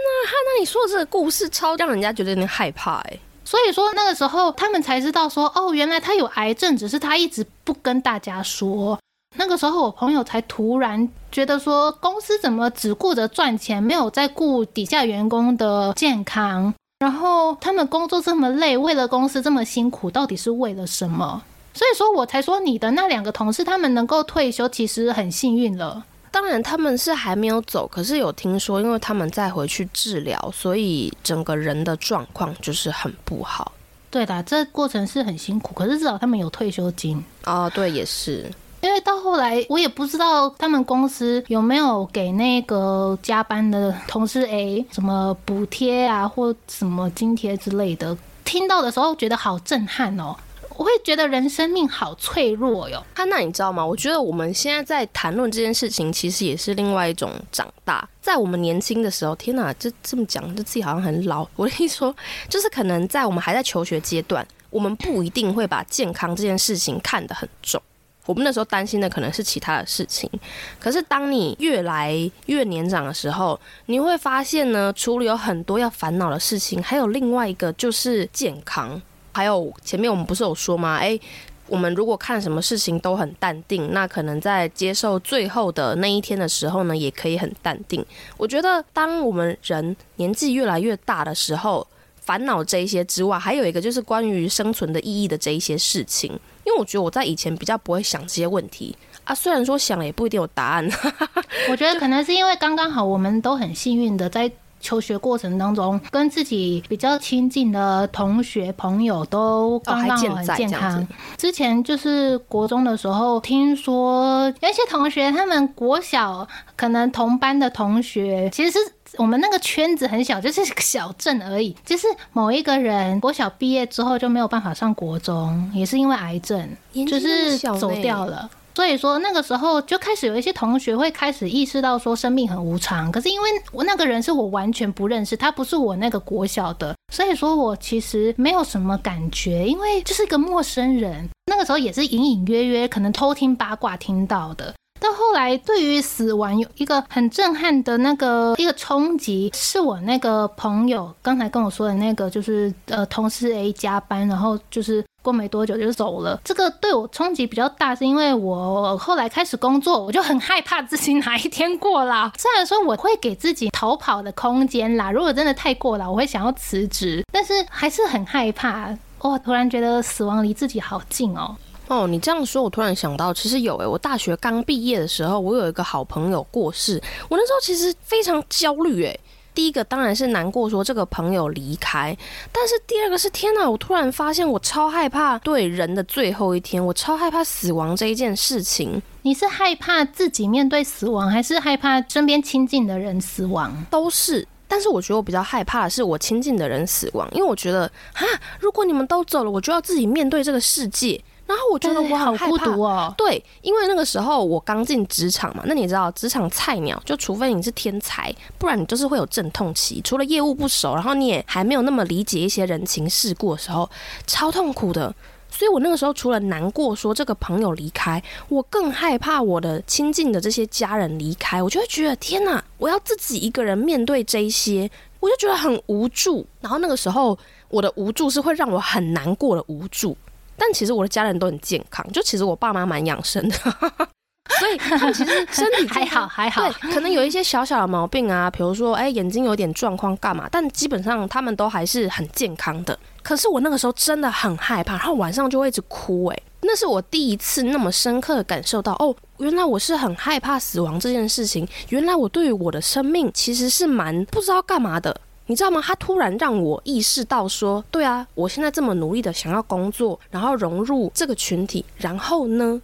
啊，他那你說的這個故事超讓人家覺得有點害怕哎。所以說那個時候他們才知道說，哦，原來他有癌症，只是他一直不跟大家說。那個時候我朋友才突然覺得說，公司怎麼只顧着賺錢，沒有在顧底下員工的健康。然後他們工作這麼累，為了公司這麼辛苦，到底是為了什麼？嗯，所以說我才說你的那兩個同事，他們能夠退休其實很幸運了。當然他們是還沒有走，可是有聽說，因為他們再回去治療，所以整個人的狀況就是很不好。對的，啊，這過程是很辛苦，可是至少他們有退休金啊，哦。對，也是。因為到後來，我也不知道他們公司有沒有給那個加班的同事 A 什麼補貼啊，或什麼津貼之類的。聽到的時候覺得好震撼哦，我會覺得人生命好脆弱喲。他那你知道嗎？我覺得我們現在在談論這件事情，其實也是另外一種長大。在我們年輕的時候，天哪，這這麼講，就自己好像很老。我跟你說，就是可能在我們還在求學階段，我們不一定會把健康這件事情看得很重。我們那時候擔心的可能是其他的事情，可是當你越來越年長的時候，你會發現呢，除了有很多要煩惱的事情，還有另外一個就是健康。還有前面我們不是有說嗎？誒，我們如果看什麼事情都很淡定，那可能在接受最後的那一天的時候呢，也可以很淡定。我覺得，當我們人年紀越來越大的時候，煩惱這一些之外，還有一個就是關於生存的意義的這一些事情。因為我覺得我在以前比較不會想這些問題啊，雖然說想也不一定有答案。我覺得可能是因為剛剛好我們都很幸運的在求學過程當中，跟自己比較親近的同學朋友都剛剛好很健康，哦在。之前就是國中的時候，聽說有些同學他們國小可能同班的同學其實是。我們那個圈子很小，就是小鎮而已。就是某一個人國小畢業之後就沒有辦法上國中，也是因為癌症，就是走掉了。所以說那個時候就開始有一些同學會開始意識到說生命很無常。可是因為我那個人是我完全不認識，他不是我那個國小的，所以說我其實沒有什麼感覺，因為就是一個陌生人。那個時候也是隱隱約約可能偷聽八卦聽到的。到後來，對於死亡有一個很震撼的那個一個衝擊，是我那個朋友剛才跟我說的那個，就是呃，同事 A 加班，然後就是過沒多久就走了。這個對我衝擊比較大，是因為我後來開始工作，我就很害怕自己哪一天過了。雖然說我會給自己逃跑的空間啦，如果真的太過了，我會想要辭職，但是還是很害怕。哇，突然覺得死亡離自己好近哦、喔。哦，你這樣說，我突然想到，其實有誒。我大學剛畢業的時候，我有一個好朋友過世，我那時候其實非常焦慮誒。第一個當然是難過，說這個朋友離開；但是第二個是，天吶，我突然發現，我超害怕對人的最後一天，我超害怕死亡這一件事情。你是害怕自己面對死亡，還是害怕身邊親近的人死亡？都是。但是我覺得我比較害怕的是我親近的人死亡，因為我覺得哈，如果你們都走了，我就要自己面對這個世界。然後我覺得我好孤獨、哎、好害怕哦，對，因為那個時候我剛進職場嘛，那你知道職場菜鳥，就除非你是天才，不然你就是會有陣痛期。除了業務不熟，然後你也還沒有那麼理解一些人情世故的時候，超痛苦的。所以我那個時候除了難過，說這個朋友離開，我更害怕我的親近的這些家人離開，我就會覺得天哪，我要自己一個人面對這些，我就覺得很無助。然後那個時候，我的無助是會讓我很難過的無助。但其實我的家人都很健康，就其實我爸媽蠻養生的， 所以他其實身體還好還好，對，可能有一些小小的毛病啊，比如說哎、欸、眼睛有點狀況幹嘛，但基本上他們都還是很健康的。可是我那個時候真的很害怕，然後晚上就會一直哭、欸，哎，那是我第一次那麼深刻的感受到，哦，原來我是很害怕死亡這件事情，原來我對於我的生命其實是蠻不知道幹嘛的。你知道嗎？他突然讓我意識到說，說對啊，我現在這麼努力的想要工作，然後融入這個群體，然後呢？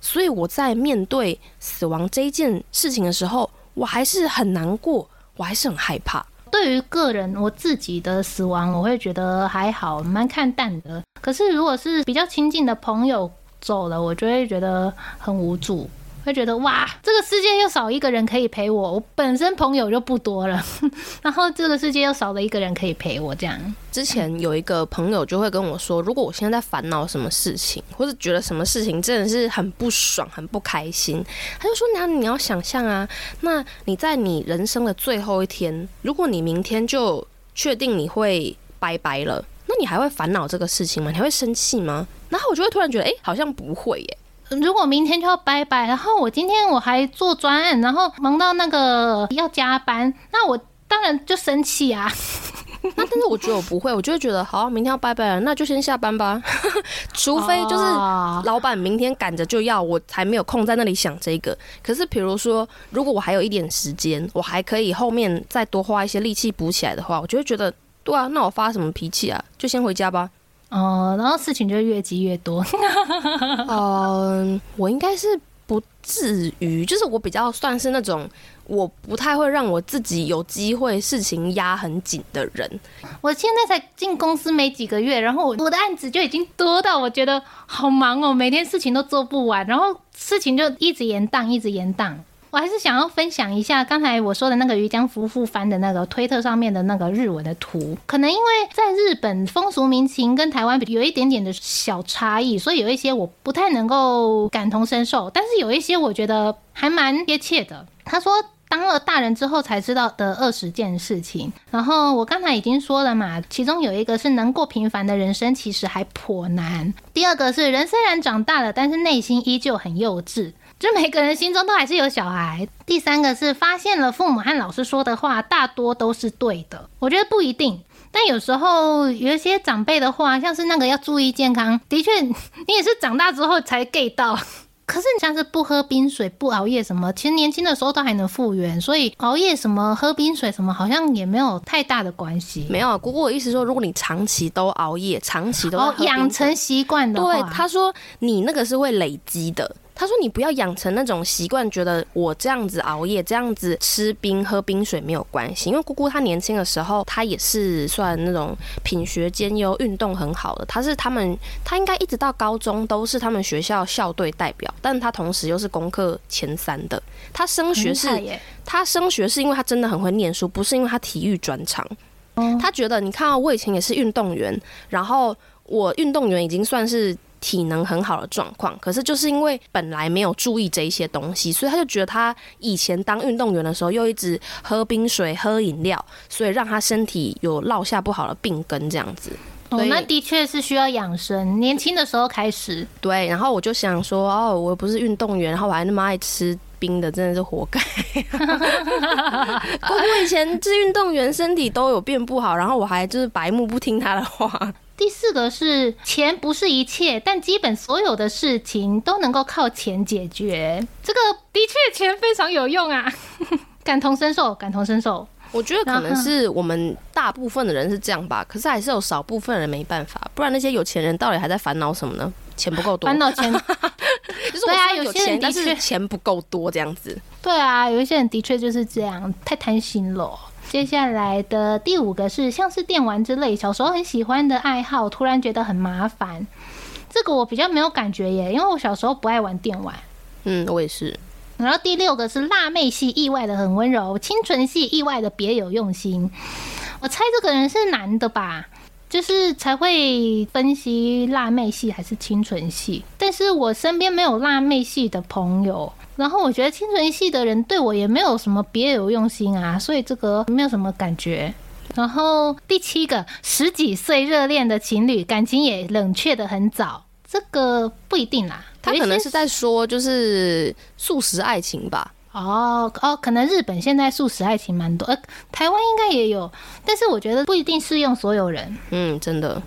所以我在面對死亡這件事情的時候，我還是很難過，我還是很害怕。對於個人我自己的死亡，我會覺得還好，蠻看淡的。可是如果是比較親近的朋友走了，我就會覺得很無助。會覺得哇，這個世界又少一個人可以陪我，我本身朋友就不多了， 然後這個世界又少了一個人可以陪我，這樣。之前有一個朋友就會跟我說，如果我現在在煩惱什麼事情，或者覺得什麼事情真的是很不爽、很不開心，他就說你要你要想象啊，那你在你人生的最後一天，如果你明天就確定你會拜拜了，那你還會煩惱這個事情嗎？你還會生氣嗎？然後我就會突然覺得，哎、欸，好像不會耶。如果明天就要拜拜，然後我今天我還做專案，然後忙到那個要加班，那我當然就生氣啊。那但是我， 我覺得我不會，我就會覺得好，明天要拜拜了，那就先下班吧。 除非就是老闆明天趕着就要，我才沒有空在那裡想這個。可是比如說，如果我還有一點時間，我還可以後面再多花一些力氣補起來的話，我就會覺得，對啊，那我發什麼脾氣啊？就先回家吧。哦、uh,，然後事情就越積越多。嗯、uh,，我應該是不至於，就是我比較算是那種我不太會讓我自己有機會事情壓很緊的人。我現在才進公司沒幾個月，然後我我的案子就已經多到我覺得好忙哦，每天事情都做不完，然後事情就一直延宕，一直延宕。我還是想要分享一下剛才我說的那個於江夫婦翻的那個推特上面的那個日文的圖，可能因為在日本風俗民情跟台灣有一點點的小差異，所以有一些我不太能夠感同身受，但是有一些我覺得還蠻貼切的。他說，當了大人之後才知道的二十件事情，然後我剛才已經說了嘛，其中有一個是能過平凡的人生其實還頗難，第二個是人雖然長大了，但是內心依舊很幼稚。就每個人心中都還是有小孩。第三個是發現了父母和老師說的話大多都是對的。我覺得不一定，但有時候有一些長輩的話，像是那個要注意健康，的確你也是長大之後才 get 到。可是你像是不喝冰水、不熬夜什麼，其實年輕的時候都還能復原，所以熬夜什麼、喝冰水什麼，好像也沒有太大的關係。沒有啊，姑姑我意思說，如果你長期都熬夜、長期都、哦、養成習慣的話，對他說你那個是會累積的。他說：“你不要養成那種習慣，覺得我這樣子熬夜，這樣子吃冰喝冰水沒有關係。因為姑姑她年輕的時候，她也是算那種品學兼優、運動很好的。她是他們，她應該一直到高中都是他們學校校隊代表，但她同時又是功課前三的。她升學是她升學是因為她真的很會念書，不是因為她體育專長。她覺得，你看啊，我以前也是運動員，然後我運動員已經算是。”體能很好的狀況，可是就是因為本來沒有注意這一些東西，所以他就覺得他以前當運動員的時候又一直喝冰水、喝飲料，所以讓他身體有落下不好的病根這樣子。我、哦、那的確是需要養生，年輕的時候開始。對，然後我就想說，哦，我又不是運動員，然後我還那麼愛吃冰的，真的是活該。姑 姑 以前是運動員，身體都有變不好，然後我還就是白目，不聽他的話。第四個是錢不是一切，但基本所有的事情都能夠靠錢解決。這個的確錢非常有用啊，感同身受，感同身受。我覺得可能是我們大部分的人是這樣吧，可是還是有少部分人沒辦法。不然那些有錢人到底還在煩惱什麼呢？錢不夠多，煩惱 錢。對啊，有些人的確錢不夠多這樣子。對啊，有一些人的確就是這樣，太貪心了。接下來的第五個是像是電玩之類，小時候很喜歡的愛好，突然覺得很麻煩。這個我比較沒有感覺耶，因為我小時候不愛玩電玩。嗯，我也是。然後第六個是辣妹系意外的很溫柔，清純系意外的別有用心。我猜這個人是男的吧，就是才會分析辣妹系還是清純系。但是我身邊沒有辣妹系的朋友。然後我覺得清純系的人對我也沒有什麼別有用心啊，所以這個沒有什麼感覺。然後第七個，十幾歲熱戀的情侶感情也冷却得很早，這個不一定啦一。他可能是在說就是速食愛情吧？哦哦，可能日本現在速食愛情蠻多，呃，台灣應該也有，但是我覺得不一定適用所有人。嗯，真的。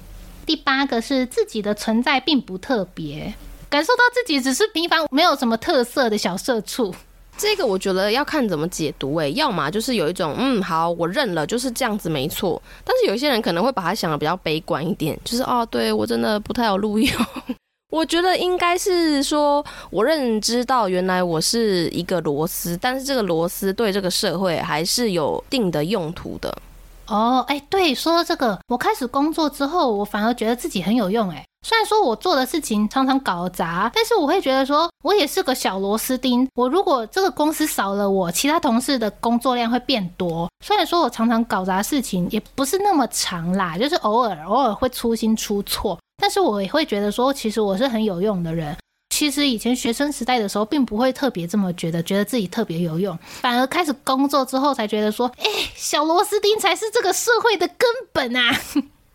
第八個是自己的存在並不特別。感受到自己只是平凡，沒有什麼特色的小社畜。這個我覺得要看怎麼解讀誒、欸，要麼就是有一種，嗯，好，我認了，就是這樣子沒錯。但是有些人可能會把它想得比較悲觀一點，就是哦，對我真的不太有路用。 我覺得應該是說我認知到原來我是一個螺絲，但是這個螺絲對這個社會還是有定的用途的。哦，哎、欸，對，說到這個，我開始工作之後，我反而覺得自己很有用、欸，哎。雖然說我做的事情常常搞砸，但是我會覺得說，我也是個小螺絲釘。我如果這個公司少了我，其他同事的工作量會變多。雖然說我常常搞砸事情，也不是那麼常啦，就是偶爾偶爾會粗心出錯，但是我也會覺得說，其實我是很有用的人。其實以前學生時代的時候，並不會特別這麼覺得，覺得自己特別有用，反而開始工作之後，才覺得說，誒，小螺絲釘才是這個社會的根本啊。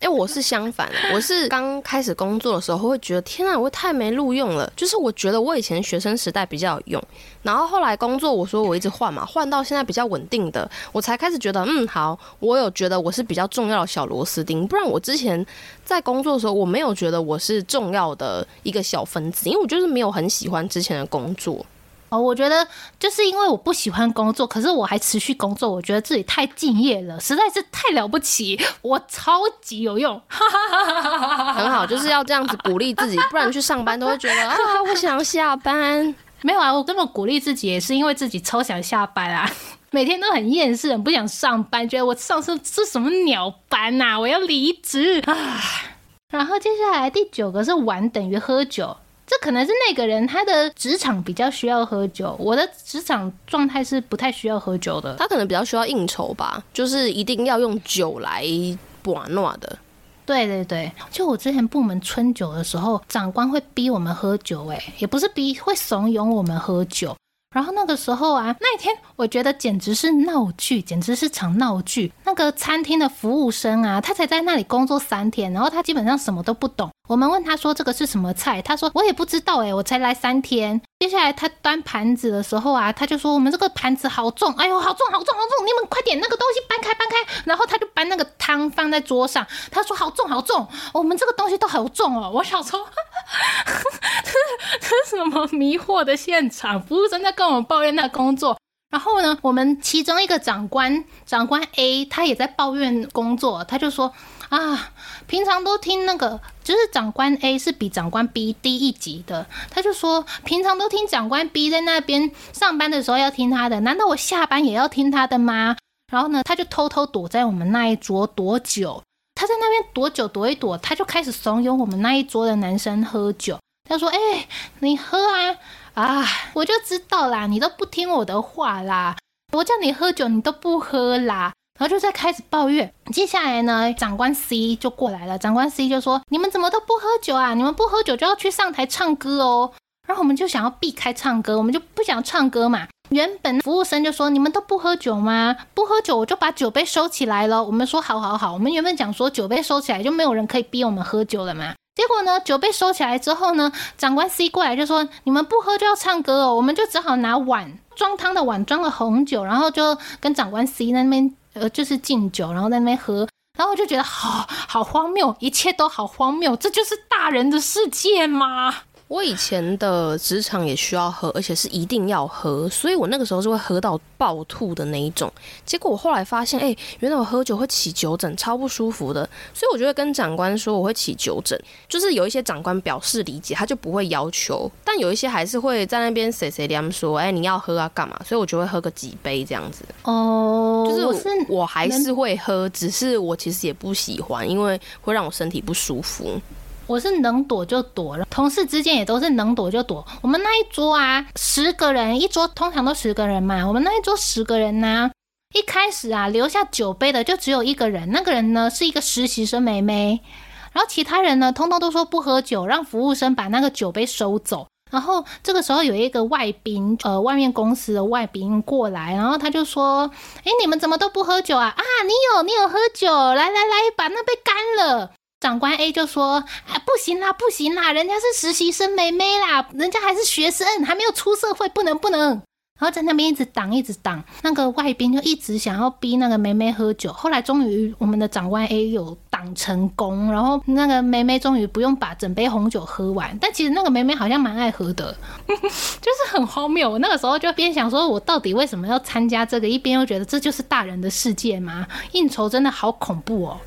因、欸、為我是相反，我是剛開始工作的時候會覺得，天啊，我太沒路用了。就是我覺得我以前學生時代比較有用，然後後來工作，我說我一直換嘛，換到現在比較穩定的，我才開始覺得，嗯，好，我有覺得我是比較重要的小螺絲釘。不然我之前在工作的時候，我沒有覺得我是重要的一個小分子，因為我就是沒有很喜歡之前的工作。哦，我覺得就是因為我不喜歡工作，可是我還持續工作，我覺得自己太敬業了，實在是太了不起，我超級有用， 很好，就是要這樣子鼓勵自己， 不然去上班都會覺得 啊，我想要下班。沒有啊，我這麼鼓勵自己也是因為自己超想下班啊，每天都很厭世，很不想上班，覺得我上次是什麼鳥班吶，啊，我要離職啊。然後接下來第九個是玩等於喝酒。這可能是那個人他的職場比較需要喝酒，我的職場狀態是不太需要喝酒的。他可能比較需要應酬吧，就是一定要用酒來暖暖的。對對對，就我之前部門春酒的時候，長官會逼我們喝酒、欸，哎，也不是逼，會慫恿我們喝酒。然後那個時候啊，那一天我覺得簡直是鬧劇，簡直是場鬧劇。那個餐廳的服務生啊，他才在那裡工作三天，然後他基本上什麼都不懂。我們問他說：“這個是什麼菜？”他說：“我也不知道，誒我才來三天。”接下來他端盤子的時候啊，他就說：“我們這個盤子好重，哎呦，好重，好重，好重！你們快點那個東西搬開，搬開！”然後他就搬那個湯放在桌上，他說：“好重，好重，我們這個東西都好重哦。我小時候”我想說，這是這是什麼迷惑的現場？服務生在跟我們抱怨那個工作。然後呢，我們其中一個長官，長官 A，他也在抱怨工作，他就說：“啊，平常都聽那個。”就是長官 A 是比長官 B 低一級的，他就說平常都聽長官 B 在那邊上班的時候要聽他的，難道我下班也要聽他的嗎？然後呢，他就偷偷躲在我們那一桌躲酒。他在那邊躲酒躲一躲，他就開始慫恿我們那一桌的男生喝酒。他說：“哎、欸，你喝啊啊，我就知道啦，你都不聽我的話啦，我叫你喝酒你都不喝啦。”然後就在開始抱怨。接下來呢，長官 C 就過來了。長官 C 就說：“你們怎麼都不喝酒啊？你們不喝酒就要去上台唱歌哦。”然後我們就想要避開唱歌，我們就不想唱歌嘛。原本服務生就說：“你們都不喝酒嗎？不喝酒我就把酒杯收起來了。”我們說：“好好好，我們原本講說酒杯收起來就沒有人可以逼我們喝酒了嘛。”結果呢，酒杯收起來之後呢，長官 C 過來就說：“你們不喝就要唱歌哦。”我們就只好拿碗裝湯的碗裝了紅酒，然後就跟長官 C 在那邊。呃，就是敬酒，然後在那邊喝，然後我就覺得好好荒謬，一切都好荒謬，這就是大人的世界嗎？我以前的職場也需要喝，而且是一定要喝，所以我那個時候是會喝到爆吐的那一種。結果我後來發現，哎、欸，原來我喝酒會起酒疹，超不舒服的。所以我就會跟長官說我會起酒疹，就是有一些長官表示理解，他就不會要求；但有一些還是會在那邊碎碎念說，哎、欸，你要喝啊，幹嘛？所以我就會喝個幾杯這樣子。哦，就是我還是會喝，只是我其實也不喜歡，因為會讓我身體不舒服。我是能躲就躲了，同事之間也都是能躲就躲。我們那一桌啊，十個人一桌，通常都十個人嘛。我們那一桌十個人呢，啊，一開始啊，留下酒杯的就只有一個人，那個人呢是一個實習生妹妹，然後其他人呢，通通都說不喝酒，讓服務生把那個酒杯收走。然後這個時候有一個外賓，呃，外面公司的外賓過來，然後他就說：“哎，你們怎麼都不喝酒啊？啊，你有你有喝酒，來來來，把那杯乾了。”長官 A 就說：“哎，不行啦，不行啦，人家是實習生妹妹啦，人家還是學生，還沒有出社會，不能不能。”然後在那邊一直擋，一直擋。那個外賓就一直想要逼那個妹妹喝酒。後來終於我們的長官 A 有擋成功，然後那個妹妹終於不用把整杯紅酒喝完。但其實那個妹妹好像蠻愛喝的， 就是很荒謬。我那個時候就邊想說我到底為什麼要參加這個，一邊又覺得這就是大人的世界嗎？應酬真的好恐怖哦。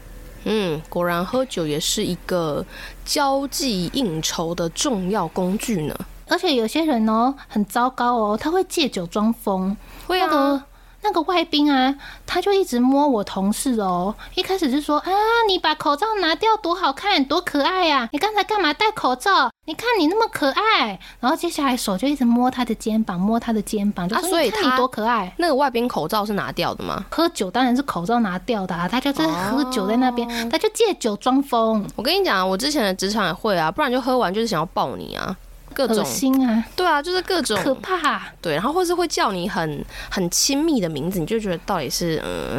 嗯，果然喝酒也是一個交際應酬的重要工具呢。而且有些人哦，很糟糕哦，他會借酒裝瘋。會啊。那個那個外賓啊，他就一直摸我同事哦、喔。一開始就說啊，你把口罩拿掉，多好看，多可愛呀、啊！你剛才幹嘛戴口罩？你看你那麼可愛。然後接下來手就一直摸他的肩膀，摸他的肩膀，就所以他多可愛。啊、那個外賓口罩是拿掉的嗎？喝酒當然是口罩拿掉的，啊。他就在喝酒在那邊、哦，他就借酒裝瘋。我跟你講，我之前的職場也會啊，不然就喝完就是想要抱你啊。各種噁心啊！對啊，就是各種可怕啊。對，然後或是會叫你很很親密的名字，你就覺得到底是嗯，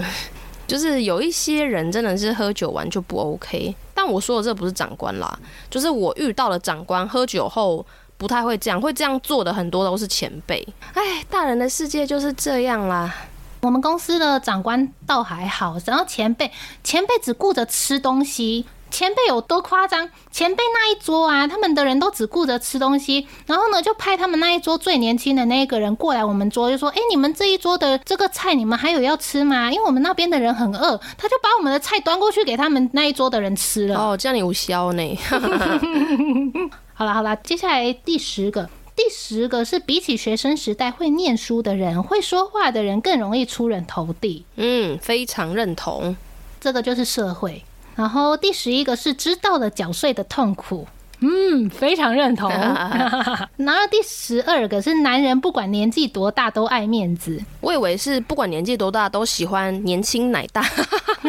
就是有一些人真的是喝酒完就不 OK。但我說的這不是長官啦，就是我遇到了長官喝酒後不太會這樣，會這樣做的很多都是前輩。哎，大人的世界就是這樣啦。我們公司的長官倒還好，然後前輩前輩只顧着吃東西。前輩有多誇張？前輩那一桌啊，他們的人都只顧着吃東西，然後呢，就派他們那一桌最年輕的那一個人過來我們桌，就說：“哎、欸，你們這一桌的這個菜，你們還有要吃嗎？”因為我們那邊的人很餓，他就把我們的菜端過去給他們那一桌的人吃了。哦，這樣你無效笑呢。 好了好了，接下來第十個，第十個是比起學生時代會念書的人，會說話的人更容易出人頭地。嗯，非常認同。這個就是社會。然後第十一個是知道了繳稅的痛苦，嗯，非常認同。 然後第十二個是男人不管年紀多大都愛面子，我以為是不管年紀多大都喜歡年輕奶大。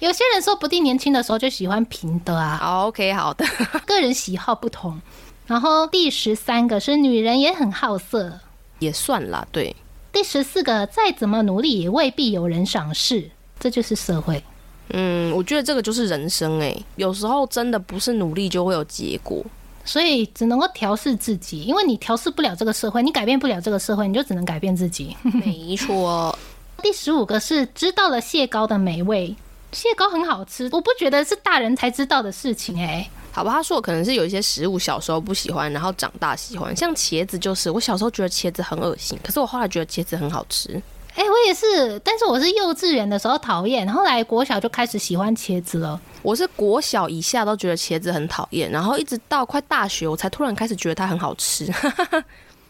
有些人說不定年輕的時候就喜歡平的啊。OK，好的， 個人喜好不同。然後第十三個是女人也很好色，也算啦。對，第十四個再怎麼努力也未必有人賞識，這就是社會。嗯，我覺得這個就是人生哎、欸，有時候真的不是努力就會有結果，所以只能夠調適自己，因為你調適不了這個社會，你改變不了這個社會，你就只能改變自己。 沒錯，第十五個是知道了蟹膏的美味，蟹膏很好吃，我不覺得是大人才知道的事情哎、欸。好吧，他說我可能是有一些食物小時候不喜歡，然後長大喜歡，像茄子就是，我小時候覺得茄子很惡心，可是我後來覺得茄子很好吃。哎、欸，我也是，但是我是幼稚園的時候討厭，後來國小就開始喜歡茄子了。我是國小以下都覺得茄子很討厭，然後一直到快大學，我才突然開始覺得它很好吃。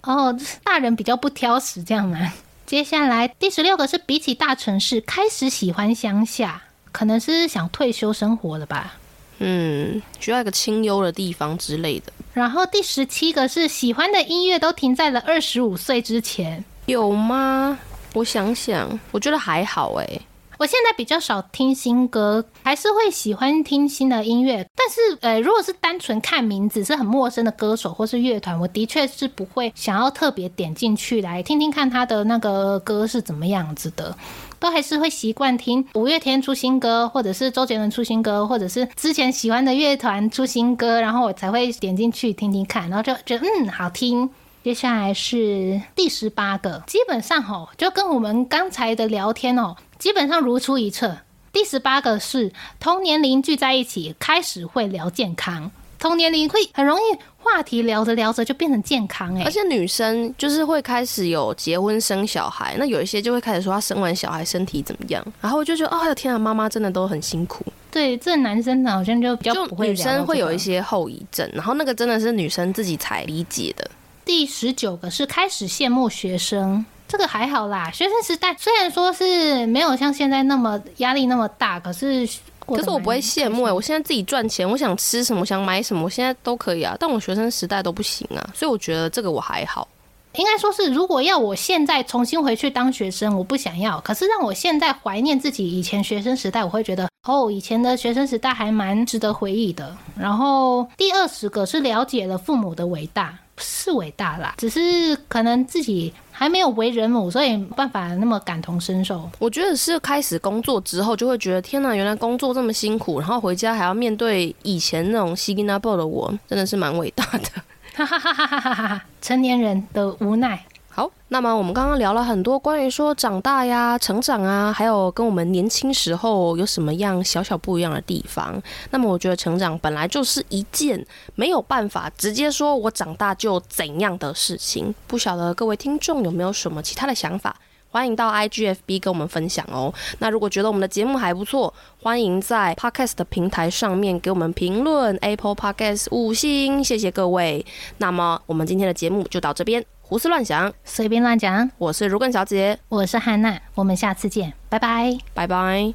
哦、 oh，大人比較不挑食，這樣嗎、啊？ 接下來第十六個是比起大城市開始喜歡鄉下，可能是想退休生活了吧？嗯，需要一個清幽的地方之類的。然後第十七個是喜歡的音樂都停在了二十五歲之前，有嗎？我想想，我覺得還好哎、欸。我現在比較少聽新歌，還是會喜歡聽新的音樂。但是，呃，如果是單純看名字，是很陌生的歌手或是樂團，我的確是不會想要特別點進去來聽聽看他的那個歌是怎麼樣子的。都還是會習慣聽五月天出新歌，或者是周杰倫出新歌，或者是之前喜歡的樂團出新歌，然後我才會點進去聽聽看，然後就覺得嗯，好聽。接下來是第十八個，基本上哦，就跟我們剛才的聊天,哦，基本上如出一轍。第十八個是同年齡聚在一起，開始會聊健康，同年齡會很容易話題聊着聊着就變成健康哎、欸，而且女生就是會開始有結婚生小孩，那有一些就會開始說她生完小孩身體怎麼樣，然後我就覺得哦天啊，媽媽真的都很辛苦。對，這男生好像就比較不會聊到這個、女生會有一些後遺症，然後那個真的是女生自己才理解的。第十九個是開始羨慕學生，這個還好啦。學生時代雖然說是沒有像現在那麼壓力那麼大，可是可是我不會羨慕欸，我現在自己賺錢，我想吃什麼，我想買什麼，我現在都可以啊。但我學生時代都不行啊，所以我覺得這個我還好。應該說是，如果要我現在重新回去當學生，我不想要。可是讓我現在懷念自己以前學生時代，我會覺得哦，以前的學生時代還蠻值得回憶的。然後第二十個是了解了父母的偉大。是偉大啦，只是可能自己還沒有為人母，所以沒辦法那麼感同身受。我覺得是開始工作之後，就會覺得天哪，原來工作這麼辛苦，然後回家還要面對以前那種死囡仔脯的我，真的是蠻偉大的。哈哈哈哈哈哈！成年人的無奈。好，那麼我們剛剛聊了很多關於說長大呀、成長啊，還有跟我們年輕時候有什麼樣小小不一樣的地方。那麼我覺得成長本來就是一件沒有辦法直接說我長大就怎樣的事情。不曉得各位聽眾有沒有什麼其他的想法，歡迎到 IGFB 跟我們分享哦。那如果覺得我們的節目還不錯，歡迎在 Podcast 的平台上面給我們評論 Apple Podcast 五星，謝謝各位。那麼我們今天的節目就到這邊。胡思亂想，隨便亂講。我是儒艮小姐，我是漢娜，我們下次見，拜拜，拜拜。